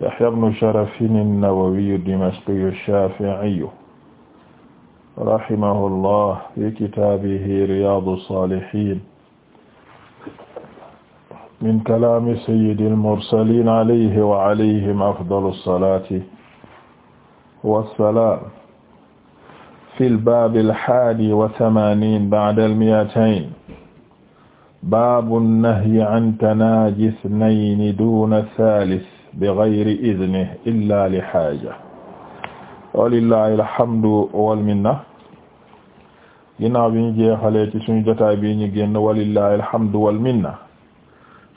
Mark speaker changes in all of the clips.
Speaker 1: Yahya ibnu Sharafin an-Nawawi ad-Dimashqi ash-Shafi'i rahimahullah fi kitaabihi Riyaadu s-Saalihiin min kalaami sayyidil mursaliin alayhi wa alayhim afdalu s-salaati was-salaam fil baabil haadi wa thamaaniin ba'dal mi'atayn baabu n-nahyi an tanaaji ithnayni duuna th-thaalith bi ghayri idni illa li haaja walillahi alhamdu wal minna ginnaaw bi ñu jeexalee ci suñu jotaay bi ñu génn walillahi alhamdu wal minna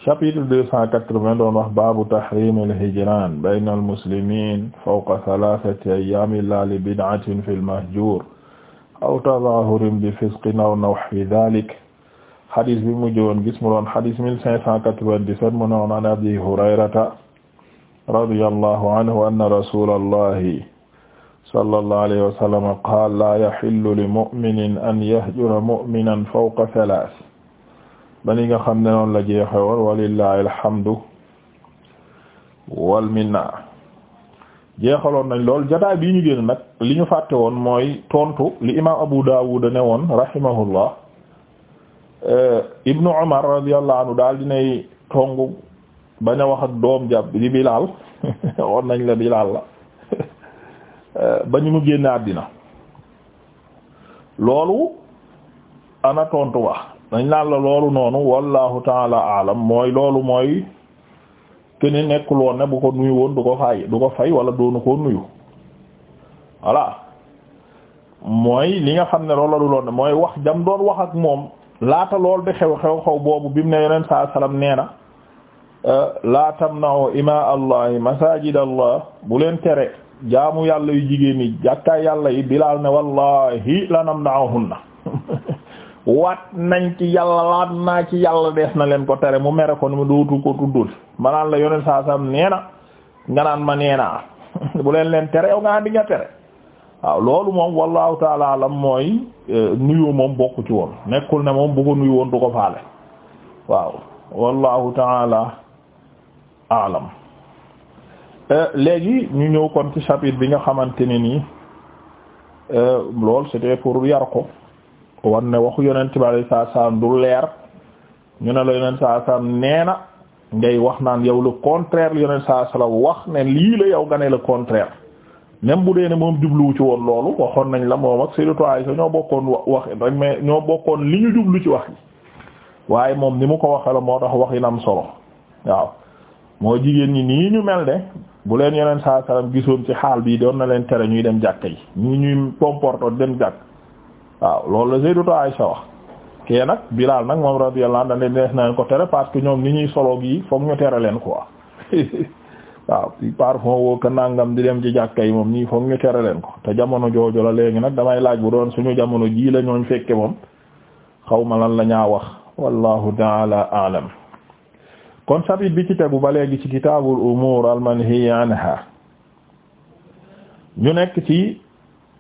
Speaker 1: chapitre deux cent quatre-vingts doon wax baabu tahrim al-hijran bayna al-muslimin fawqa thalathati ayyamin la li bid'atin fi al-mahjur aw tadahurin bi fisqin aw nahwi dhalik hadis bi mu jëwoon gis mu doon hadis mille cinq cent quatre-vingt-dix-sept mu noon an Abi Hurayrata radiyallahu anhu anna rasulallahi sallallahu alayhi wa sallam qaala laa li mu'minin an yahjura mu'minan fawqa thalath bani nga xam ne noonu la jeexewoon walillahi alhamdu wal minna jeexaloon nañ lool jotaay bii ñu génn li ñu fàtte woon mooy tontu li imaam Abu Dawud ne woon rahimahullah eh, Ibnu Umar radiyallahu anhu daal dinay tongu bañ a wax ak doom jàpp di bilaal waxoon nañ la bilaal la ba ñu mu génne àddina loolu ana tontu wax dañ naan la loolu noonu wallahu taala alam mooy loolu mooy keni nekkul woon ne bu ko nuyu woon du ko fay du ko fay wala doonu koo nuyu voilà mooy li nga xam ne loolu la du loon mooy wax jam doon wax ak moom laata lool di xew xew xew boobu bi mu ne yeneen saa salaam nee na Euh, laa tamna'u ima allahi masajid allah bu leen tere jaamu yàlla yu jigéen ñi jàkkaay yàlla yi bilaal ne wallahi la namna'uhunna waat nañ ci yàlla laat naa ci yàlla dees na leen ko tere mu mere ko mu dootu ko tuddul manaan la yoneen saa sam neena nga naan ma neena bu leen leen tere yow nga andi tere waaw loolu moom wallahu taala alam mooy euh, nuyoo moom bokku ci woon nekkul ne moom bu ko nuyu woon du ko faale waaw wallahu taala aalam euh, léegi ñu ñëw kon ci chapitre bi nga xamante ne nii euh, lool c'était pour yar ko wan ne waxu yonent bi alei saa salaam leer ñu ne la yonent saa nee na ngay wax naan yow le contraire yonent saa salaam wax ne lii la yow nga ne le contraire même bu dee ne moom jubluwu ci woon loolu waxoon nañ la moom ak Sayyidatu Aisha ñoo bokkoon wax rek mais ñoo bokkoon li ñu jublu ci wax yi waaye moom ni mu ko waxee la moo tax wax yi na am solo waaw moo jigéen ñi nii ñu mel de bu leen yeneen saa salaam gisoon ci xaal bii doon na leen tere ñuy dem jàkka yi ñu ñuy comporter dem jàkk waaw loolu la Sayyidatu Aisha wax kee nag Bilaal nag moom radiyallahu anhu dañ nees nañ ko tere parce que ñoom ni ñuy solo gi foog ñu tere leen quoi waaw ci parfum woo ko nangam di dem ci jàkka yi moom ñii foog ñu tere leen ko te jamono jooju la léegi nag damay laaj bu doon suñu jamono jii la ñooñ fekke moom xaw ma lan la ñaa wax wallahu ta'ala a'lam kon chapitre bi ci tegu ba léegi ci kitaabul umuur al manhiya anha ñu nekk ci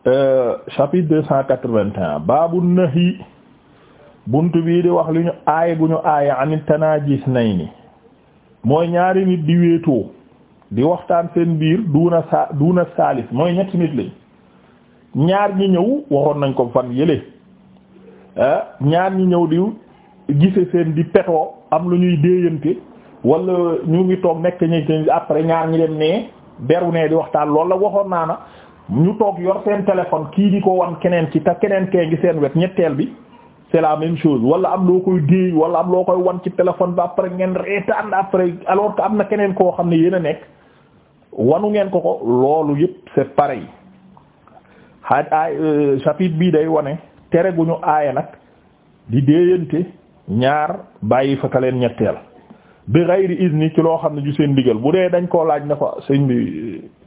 Speaker 1: euh, chapitre deux cent quatre-vingt-un baabu nahyi buntu bii di wax li ñu aay gu ñu aaya anit tanaajis nay ni mooy ñaari nit di wéetoo di waxtaan seen biir duuna sa duuna saalis mooy ñetti nit lañ ñaar ñi ñëw waxoon nañ ko fan yële euh, ñaar ñi ñëw di gise seen di petoo am lu ñuy déeyante wala ñu ngi toog nekk ñi après ñaar ñi dem nee beru nee di waxtaan loolu la waxoon naa na ñu toog yor seen téléphone kii di ko wan keneen ci te keneen kee ngi seen wet ñetteel bi c'est la même chose wala am loo koy déey wala am loo koy wan ci téléphone ba après ngeen reetaan après alors que am na keneen koo xam ne yéen a nekk wanu ngeen ko ko loolu yëpp c'est pareil xaaj aay euh, chapitre bii day wane tere gu ñu aaya nag di déeyante ñaar bàyyi fa ka ñetteel bi gayri izni ci loo xam ne ju seen ndigal bu dee dañ koo laaj na ko sëñ bi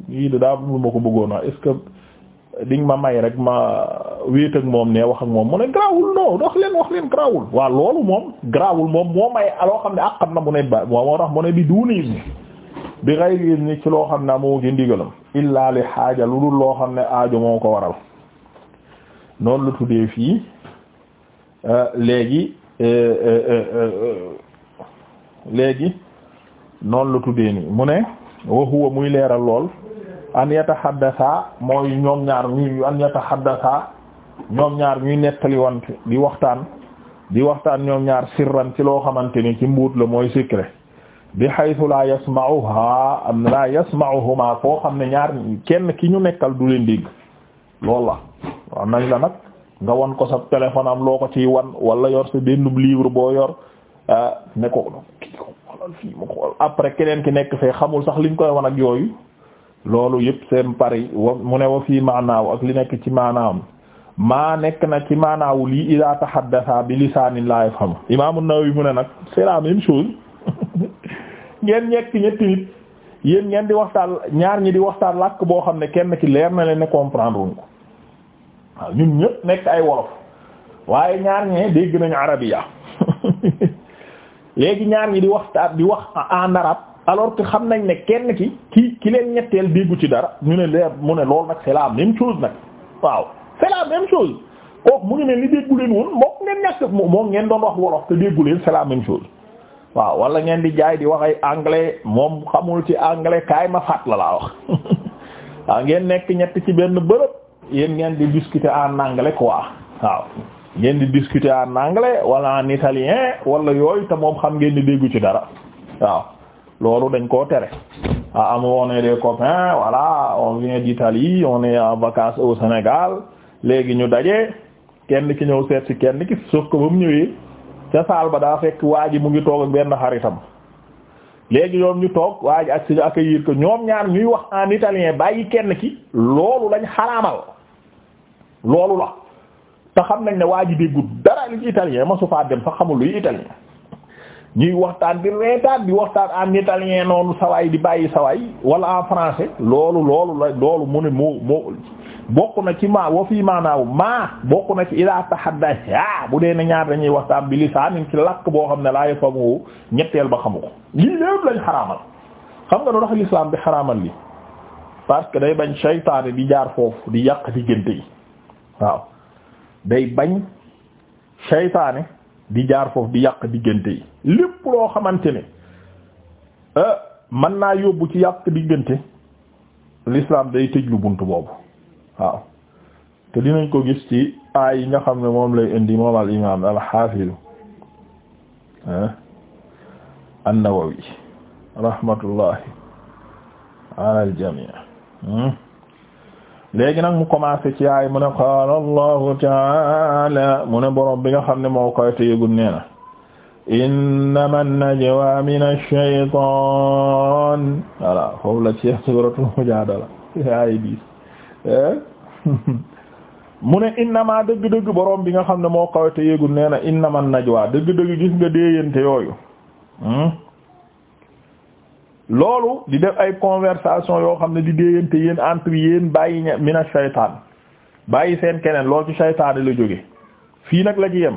Speaker 1: yii daa lu ma ko bëggoon a est-ce que diñ ma may rek ma wéet ak moom ne wax ak moom mu ne grawul non loolu moom grawul moom moo may loo xam ne ak xam na mu ne ba moo tax mu ne bi duuni izni bi gayri izni ci loo xam ne amoo ci ndigalam illaa li xaaja lu dul loo xam ne aajo moo ko waral noonu la tuddee fii euh, léegi euh, euh, léegi noonu la tuddee nii mu ne wa muy leeral lool an yatahaddasa mooy ñoom ñaar ñuy an ñoom ñaar ñuy nettali di waxtaan di waxtaan ñoom ñaar sirran ci loo xamante ni ci mbuut la mooy secret bi haythu la yasma'uha am la yasma'uhuma koo xam ne ñaar kenn ki ñu nekkal du leen dégg loolu la waaw nañ la nag nga wan ko sa téléphone am loo ko ciy wan wala yor sa benn livre boo yor ah, ne ko xoolal fii mu après keneen ki nekk fee xamul sax liñ koy wan ak yooyu loolu yëpp seen pari mu ne wa fii maanaaw ak li nekk ci maanaam maa nekk na ci maanaawu lii ida tahaddatha bi lisaanin laa yafhamu imaamu Nawawi mu ne nag c'est la même chose ngeen ñekk ñetti nit yéen ngeen di waxtaan ñaar ñi di waxtaan làkk boo xam ne kenn ki leer na leen ne comprendre wuñ ko waaw ñun ñëpp nekk ay wolof waaye ñaar ñee dégg nañu arabiya léegi ñaar ñi di waxtaan di wax en arabe alors que xam nañ ne kenn ki ki ki leen ñetteel déggu ci dara ñu ne leer mu ne lool nag c'est la même chose nag waaw c'est la même chose kooku mu ngi ne li déggu leen woon moom ngeen ñàkk moom ngeen doon wax wolof te déggu leen c'est la chose waaw wala ngeen di jaay di wax ay anglais moom xamul ci anglais kaay ma fàtt la laa wax waaw ngeen nekk ñett ci benn bërëb yéen ngeen di discuter en anglais ko waaw ngeen di discuter en anglais wala en italien wala yooyu te moom xam ngeen di déggu ci dara waaw loolu dañ koo tere ah am on est des copains on vient d'Italie on est au Sénégal léegi ñu daje kenn ki ñëw seet ci kenn ki sauf que ba mu ñëwee ca saal ba daa fekk waa ji mu ngi toog ak benn xaritam léegi ñoom ñu toog waa ji ak si ñu accueillir ko ñoom ñaar ñuy wax en italien bàyyi kenn ki loolu lañ xaraamal loolu la. te xam nañ ne waa ji déggut li italien ma su faa dem sax xamul luy italien ñuy waxtaan bi reetaan bi waxtaan en italien noonu sawaay di bàyyi sawaay wala en français loolu loolu la loolu mu ne moo moo bokk na ci ma wa fii maanaaw maa bokk na ci ilaa tahadda yaa bu dee ne ñaar dañuy waxtaan bi lisaanin ci làkk boo xam ne laa yafamu ñetteel ba xamu ko lii lépp lañ xaraamal xam nga doon tax l'islam bi xaraamal li parce que day bañ seytaane di jaar foofu di yàq diggante waaw day bañ seytaane di jaar foofu di yàq diggante yi lépp loo xamante ne euh, man naa yóbbu ci yàq diggante l'islam day tëj lu bunt boobu waaw te dinañ ko gis ci aay yi nga xam ne moom lay indi moom al imaam al xaafiz an-Nawawi rahmatullahi ala al jamii hmm. léegi nag mu commencé ci ay mu ne qaala allahu taala mu ne borom bi nga xam ne moo koy téyegul nee na innama najwa min ash-shaytan voilà foofu la ci suratul mujaadala ay diis eh? mu ne innama dëgg-dëgg borom bi nga xam ne moo koy téyegul nee na innama najwa dëgg-dëgg gis nga déeyante yooyu hmm? loolu di def ay conversation yoo xam ne di déeyante yéen entre yéen bàyyi ña mina shaytaan bàyyi seen keneen loolu ci shaytaan la jóge fii nag la ci yem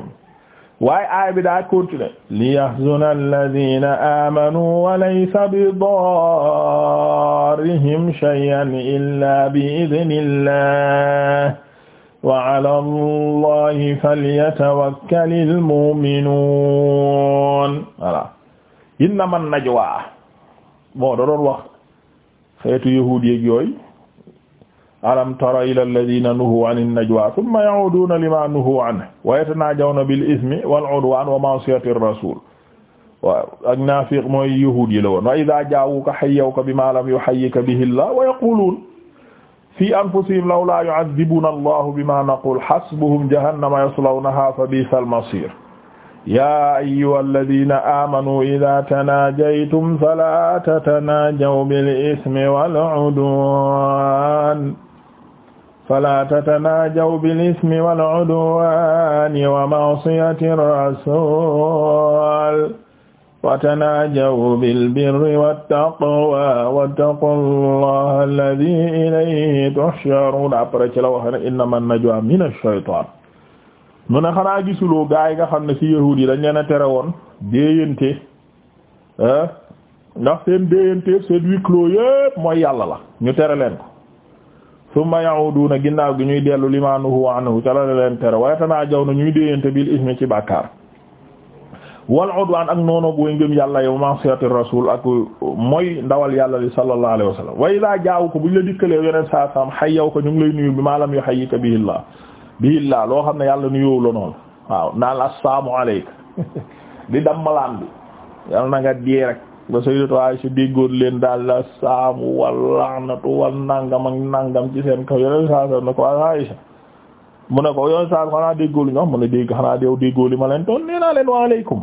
Speaker 1: waaye aaya bi daa continuer li yahzuna alladhina amanu wa laysa bi darrihim shay'an illa bi idhnillah wa ala allahi falyatawakkalil mu'minun voilà innaman najwa bon da doon wax xeetu yahuud yeeg yooyu alam tara ila alladina nuhu an najwa thumma ya'uduna lima nuhu anhu wa yatanajawna bil ismi wal udwan wa ma'siyati rasul waaw ak naafiq mooy yahuud yi la woon wa idha jaawuka hayyawka bima lam yuhayyika bihi allah wa yaqulun fi anfusihim lawla yu'adhibuna allah bima naqul hasbuhum jahannama yaslawnaha fa bi'sal masir yaa ayyuha alladina amanu ida tanajaytum fala tatanajaw bil ismi wal udwan fala tatanajaw bil ismi wal udwani wa ma'siyati rasul wa tanajaw bil birri wat taqwa wattaqullaha alladhi ilayhi tuhsharun après ci la wax ne innama najwa min ash-shaytan mu ne xanaa gisuloo gaa yi nga xam ne ci yahuud yi dañ leen a tere woon déeyante ah, ndax seen déeyante seen huis yépp mooy yàlla la ñu tere leen ko summa ya'uduna ginnaaw gi ñuy dellu limaa nuhu anhu ca la leen tere waaye tanaa jaw na ñuy déeyante bil ismi ci bàkkaar wal udwaan ak noonu ak way ngëm yàlla yow ma'siyati rasul ak mooy ndawal yàlla li sallallahu alayhi wa way laa jaaw ko buñ la dikkalee yeneen saa saam xay yow ko ñu ngi lay nuyu bi maalam yu xay yi ka biillaa loo xam ne yàlla nu yow la noonu waaw naan assalaamu alayka di dammalaan bi yal na dee rek ba sayyidatu Aisha déggoon leen daal la saamu wal laanatu wal nangam ak nangam ci seen kaw yeneen saa soxna ko Aisha mu ne ko yoon ne dégg xanaa yow li ma leen toon nee leen wa aleykum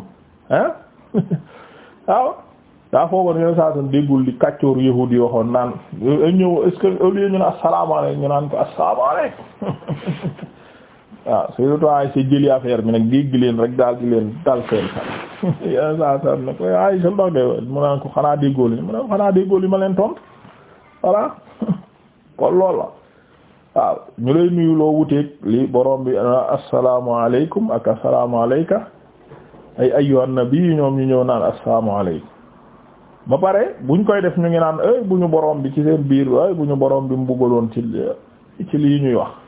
Speaker 1: waaw daa foogoon yoon saa soxna li kàccoor yahuud waxoon naan ñëw est-ce ne asalaamaaleykum ñu ko asalaamaaleykum waaw Sayyidatu Aysa jëli affaire bi nag dégg leen rek daal di leen dal seen xel yàlla saa saa ne ko Aysa ndox de mu naan ko xanaa déggoo li ma leen tontu voilà kon loolu la waaw ñu lay nuyu loo lii li borom bi asalaamaaleykum ak asalaamaaleyka ay ayyuhan nabi ñoom ñu ñëw naan asalaamaaleykum ba pare buñ koy def ñu ngi naan ay bu ñu borom bi ci seen biir ay bu ñu borom bi mu bëggaloon ci ci lii ñuy wax.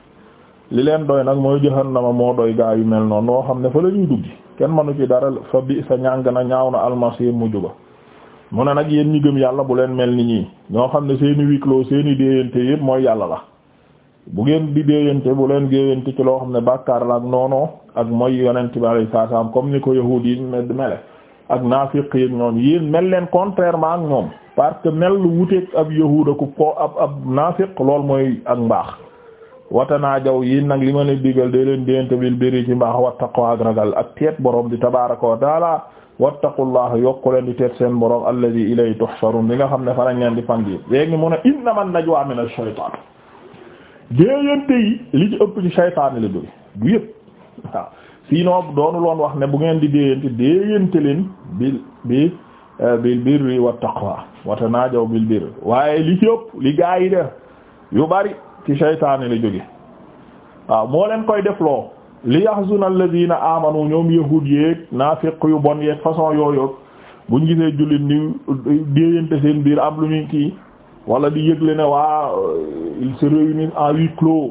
Speaker 1: li leen doy nag mooy jahannama moo doy gaa yu mel noonu noo xam ne fa la ñuy dugg kenn mënu ci dara fa bi sa ñàng na ñaaw na almasir mujj ba mu ne nag yéen ñi gëm yàlla bu leen mel ni ñii ñoo xam ne seen i huis clos seen déeyante yëpp mooy yàlla la bu ngeen di déeyante bu leen déeyante ci loo xam ne bàkkaar la ak noonoo ak mooy yonent bi alayhi salaam comme ni ko yahuud yi mele ak naafiq yi ñoom yi mel leen contrairement ak ñoom parce que mel lu wuteeg ab yahuud ak ko ab ab naafiq lool mooy ak mbaax jaw yii nag li ma ne digal de leen dénte bil birri ci mbaax wattaqwa ak ragal ak teet borom di tabaaraka wa taala wattaqullaha yokku leen di teet seen borom alladhi ilay tuhsharun li nga xam ne farañ leen di fandi léegi mu ne innaman najwa min ash-shaytaan déeyante yi li ci ëpp ci shaytaan la jóge du yëpp waaw sinon doonu loon wax ne bu ngeen di déeyante déeyante leen bil bi eh, bil birri wattaqwa watanaajaw bil birri waaye li ci ëpp li gaa yu bari ci seytaane la jóge waaw moo leen koy defloo li yahzuna alladhina amanu ñoom yahuud naa naafiq yu bon yeeg façon yooyu buñ gisee jullit ni déeyante seen biir am lu ñuy kii wala di yëgle ne waa ils se réunissent en huis clos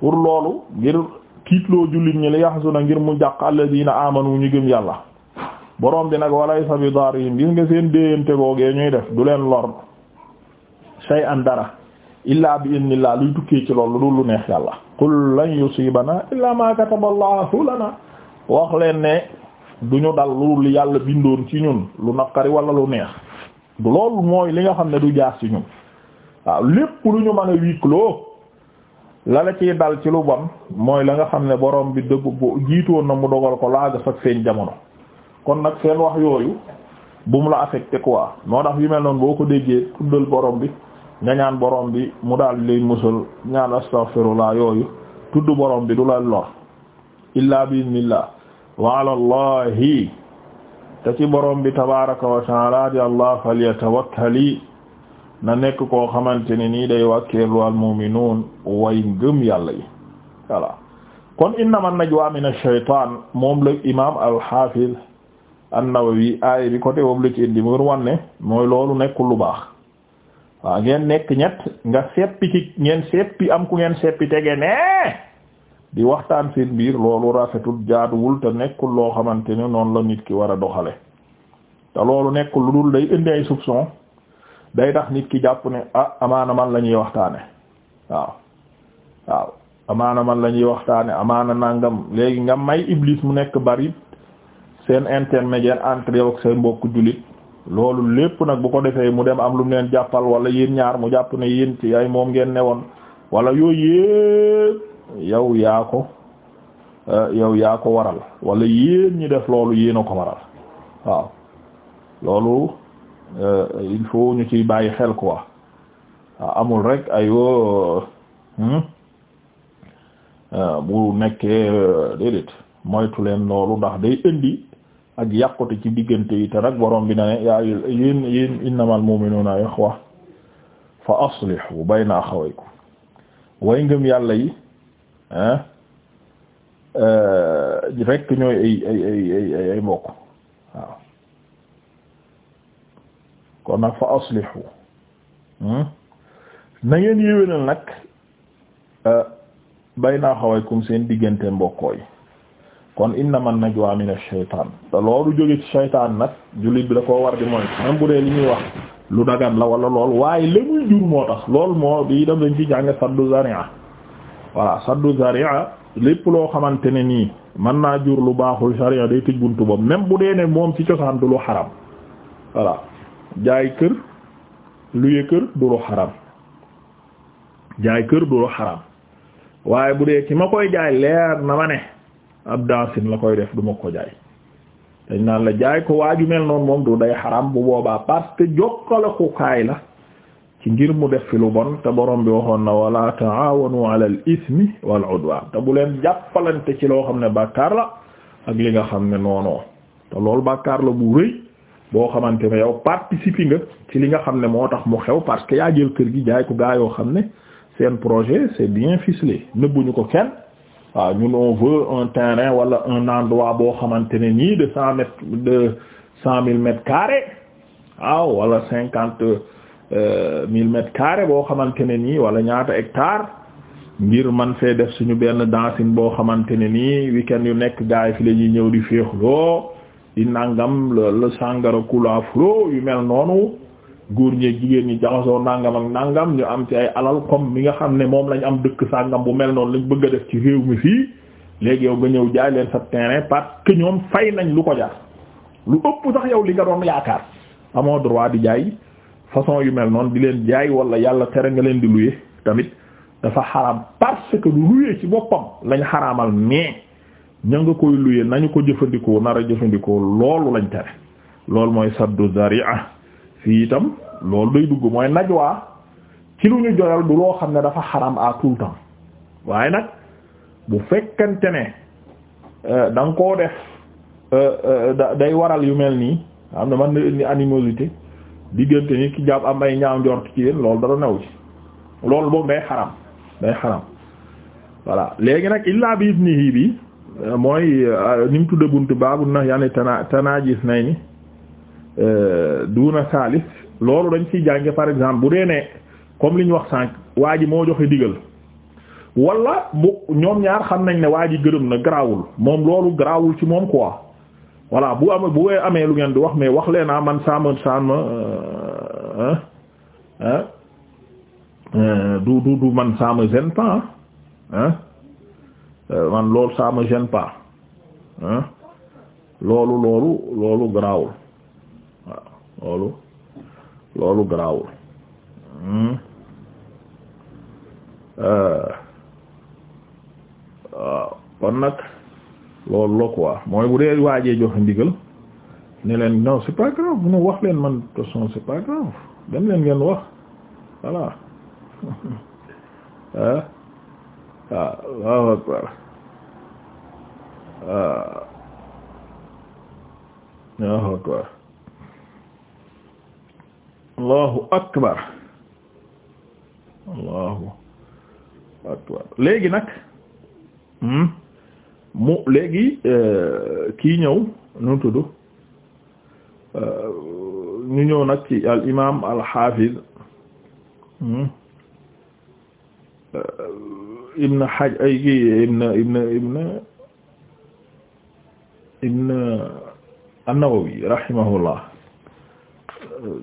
Speaker 1: pour loolu ngir kiitloo jullit ñi li yahzuna ngir mu jàq alladhina amanu ñu gëm yàlla borom bi nag walay sa bi darihim gis nga seen déeyante googee ñuy def du leen lor shay'an dara illaa bi idnillah luy tukkee ci loolu du lu neex yàlla qul lan yusibana illaa ma kataballahu lana wax leen ne du ñu dal lu yàlla bindoon ci ñun lu naqari wala lu neex du loolu mooy li nga xam ne du jaar ci ñun waaw lépp lu ñu mën a wiikloo la la ciy dal ci lu bon mooy la nga xam ne borom bi dëgg bu jiitoon na mu dogal ko laaga fak seen jamono kon nag seen wax yooyu bu mu la affecté quoi moo tax yi mel noonu boo ko déggee tuddal borom bi nga ñaan borom bi mu daal di lay musal ñaan yooyu tudd borom bi du la lor illaa bi wa ala allahi te ci borom bi tabaraka wa taala di allah falyatawakkali na nekk koo xamante ni nii day wàkkeerlu al mu'minuun way ngëm yàlla yi voilà kon innama najwa min ash-shaytaan moom la imam al-hafiz an-nawawi aaya bi côté boobu indi mu wanne mooy loolu nekkul lu baax waaw ngeen nekk ñett nga seppi ci ngeen seppi am ku ngeen seppi tege nee di waxtaan seen biir loolu rafetul jaaduwul te nekkul loo xamante ne noonu la nit ki war a doxale te loolu nekkul lu dul day indi ay soupçon day tax nit ki jàpp ne ah amaana man la ñuy waxtaane waaw waaw amaana man la ñuy waxtaane amaana nangam léegi nga may iblis mu nekk bari seen intermédiaire entre yow ak say mbokku jullit loolu lépp nag bu ko defee mu dem am lu mu leen jàppal wala yéen ñaar mu jàpp ne yéen ci ay moom ngeen ne woon wala yooyu yépp yow yaa ko euh, yow yaa ko waral wala yéen ñi def loolu yéen a ko waral waaw loolu euh, il faut ñu ci bàyyi xel quoi ah, amul rek ayoo oh, hmm? euh, bu nekkee déedéet moytu leen loolu ndax day indi ak yàqute ci diggante yi te nag borom bi na ne yaa yéen yéen innamal mu'minuna ikhwa fa aslihu bayna akhawaykum way ngëm yàlla yi ah rekk eh, ñooy ay ay ay mbokk kon nag fa aslihu hmm? na ngeen yéwénal nag eh, bayna akhawaykum seen diggante mbokkoo kon innama najwa min ash-shaytaan te loolu jóge ci shaytaan nag jullit bi da koo war di mooy même bu dee li ñuy wax lu dagan la wala lool waaye la jur moo tax lool moo di dem dañ ci jànge saddu zari'a voilà saddu zari'a lépp loo xamante ne nii mën naa jur lu baaxul sharia day tëj buntu boobu même bu dee ne moom ci cosaan du lu xaram voilà jaay kër luye kër du lu xaram jaay kër du lu xaram waaye bu dee ki ma koy jaay leer na ma ne ab daasin la koy def du ma ko jaay dañ naan la jaay ko waaju mel noonu moom du day xaram bu boobaa parce que jokkale ko la ci ngir mu def fi lu bon te borom bi waxoon na wala taawanu ala al ismi wal udwan te bu leen jàppalante ci loo xam ne bàkkaar la ak li nga xam ne noonoo te loolu bàkkaar la bu rëy boo xamante ne yow participer nga ci li nga xam ne moo tax mu xew parce que yaa jël kër gi jaay ko gaa yoo xam ne seen projet c'est bien ficelé nëbbuñu ko kenn waaw un terrain wala un boo xamante ne nii de cent mètres de cent mille mètres carrés wala cinquante euh, mille mètres carrés boo xamante ne nii wala ñaata hectares ngir man fee def suñu benn dancing boo xamante ne nii week yu nekk gaay fi la ñuy ñëw di féexloo di nangam le sàngara coule à yu mel noonu góor ñeeg jigéen ñi jaxasoo nangam ak nangam ñu am ci ay alal comme mi nga xam ne moom lañ am dëkk sàngam bu mel noonu lañ bëgg a def ci réew mi fii léegi yow nga ñëw jaay leen sa terrain parce que ñoom fay nañ lu ko jar lu ëpp sax yow li nga doon yaakaar amoo droit di jaay façon yu mel noonu di leen jaay wala yàlla tere nga leen di luye tamit dafa xaraam parce que lu luye ci boppam lañ xaraamal mais ña nga koy luye nañu ko jëfandikoo nar a jëfandikoo loolu lañ tere loolu mooy saddu zari'a fii itam loolu day dugg mooy najwa ci lu ñu joyal du loo xam ne dafa xaram a tout le temps waaye nag bu fekkente ne euh, da nga koo def euh, euh, day waral yu mel nii am na man na indi animosité diggante ni ki jàpp am ay ñaaw njort ci yéen loolu dara new ci loolu boobu day xaram day xaram voilà léegi nag illaa bi ibnihi bi mooy ni mu tudde bunt baabu na yaani tana tanaa gis nay ni Euh, na saalis loolu dañ ciy jànge par exemple bu dee ne comme li ñu wax sànq waa ji moo joxe digal walla bu ñoom ñaar xam nañ ne waa ji gërëm na garaawul moom loolu garaawul ci moom quoi voilà bu am bu wee amee lu ngeen di wax mais wax leen naa ah, man sama sama euh, euh, du man ça me gêne pas hein man loolu ça me gêne pas loolu loolu loolu garaawul loolu loolu garaawul hmm? waaw kon nag loolu la mooy bu dee waajee joxe ndigal ne leen non c'est pas grave non wax leen man façon c'est pas grave dem leen ngeen wax voilà ah Allahu akbar ah. Allahu akbar allahu akbar allahu akbar léegi nag hmm, mu léegi euh, kii ñëw nu tudd euh, ñu ñëw nag ci al imaam al xaafiz hmm, euh, ibn xaj ay kii ibn ibn ibn ibn an-Nawawi rahimahullah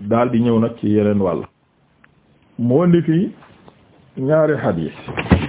Speaker 1: daal ñëw nag ci yeneen wàll moo fi fii ñaari xadiis